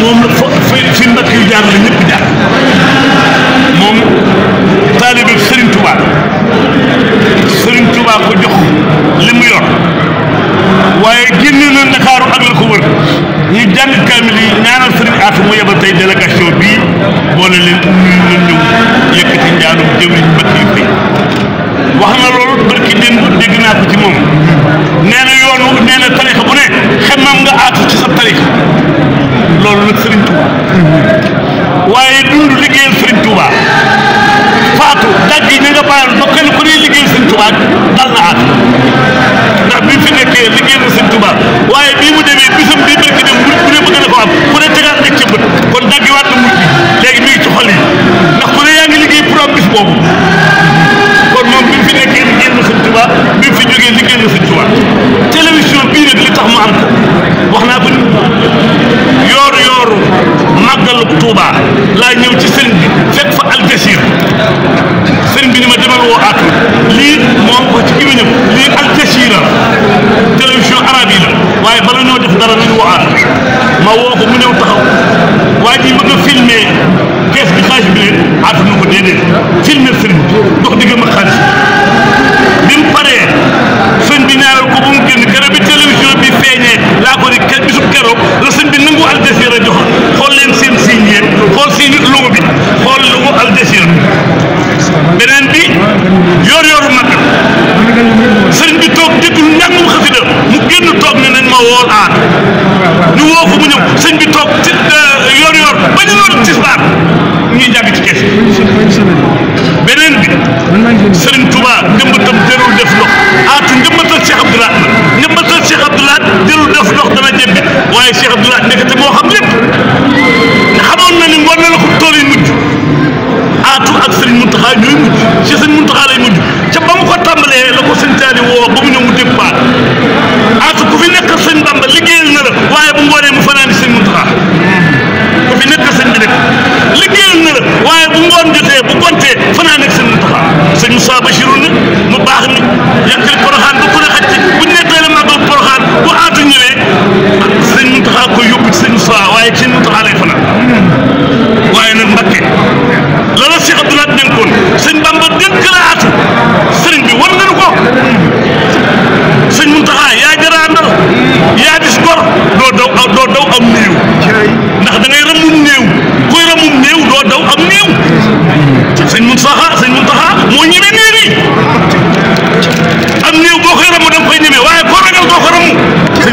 moom la fa fi mbakk yu jaar la ñëpp jaar moom taalibe sëriñ Tuubaa sëriñ Tuubaa ko jox li mu yor waaye génne na Ndakaaru ak la ko wër ñu jàng kaamil yi ñaanal sëriñ Aatu mu yebal tey délégation bii boole leen nuyu na ñëw yëkkati njaanum jëwriñ mbakk waaye dund liggéeyal Serigne Touba faatu dagg yi ñu nga bàyyoon ba kenn ku ne liggéeyal Serigne Touba dal na àgg ndax bi fi nekkee liggéeyal na Serigne Touba mu demee ko am ku ne tegaat ak ca bët kon daggiwaat na mujj léegi mi ci xol yi ndax ku ne yaa ngi liggéey pour am bis boobu kon moom fi nekkee liggéeyal na Serigne bi fi tax mu am wax naa ko dellu Touba laa ñëw ci sëriñ bi fekk fa Algéchir sëriñ bi ni ma demal woo àtt lii moom ko ci gémmiñam lii Algéchir la télévision arabe yi la waaye bala ñoo def dara nañu woo àtt ma woo ko mu ñëw taxaw waa ji bëgg a filmé kees bi xaalis bi leen àtt na ko déedéet filmé sëriñ dox digg ma xaalis bi mu paree sëriñ bi ñaareel ko ba mu génn garab bi télévision bi toog ne nañ ma wool aar ñu woo ko mu ñëw sëñ bi toog ci euh, yor yor ba ñu loolu tisbaar ñuy jàgg ci kees beneen bi sëriñ Touba njëmbatam jërul def ndox aatu njëmbatal Cheikh Abdoulaat na njëmbatal Cheikh Abdoulaat jërul def ndox dana jebbi waaye Cheikh Abdoulaat nekkati moo xam lépp xamoon na ni ngoon na la ko tool yi mujj aatu ak sëriñ Muntaxa ñooy mujj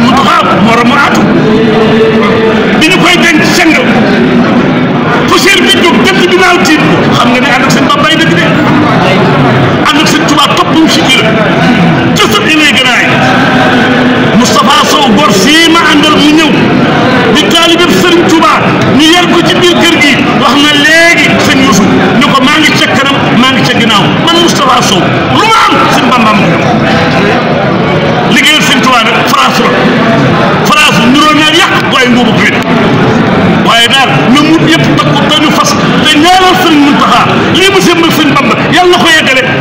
mu du xaab moromu atu bi ñu koy denc sëngal waaye daal na mu yëpp nag benn fas te ñaanal sëriñ Muntaxa lii mu sëmb sëriñ Bamba yàlla na ko yeggale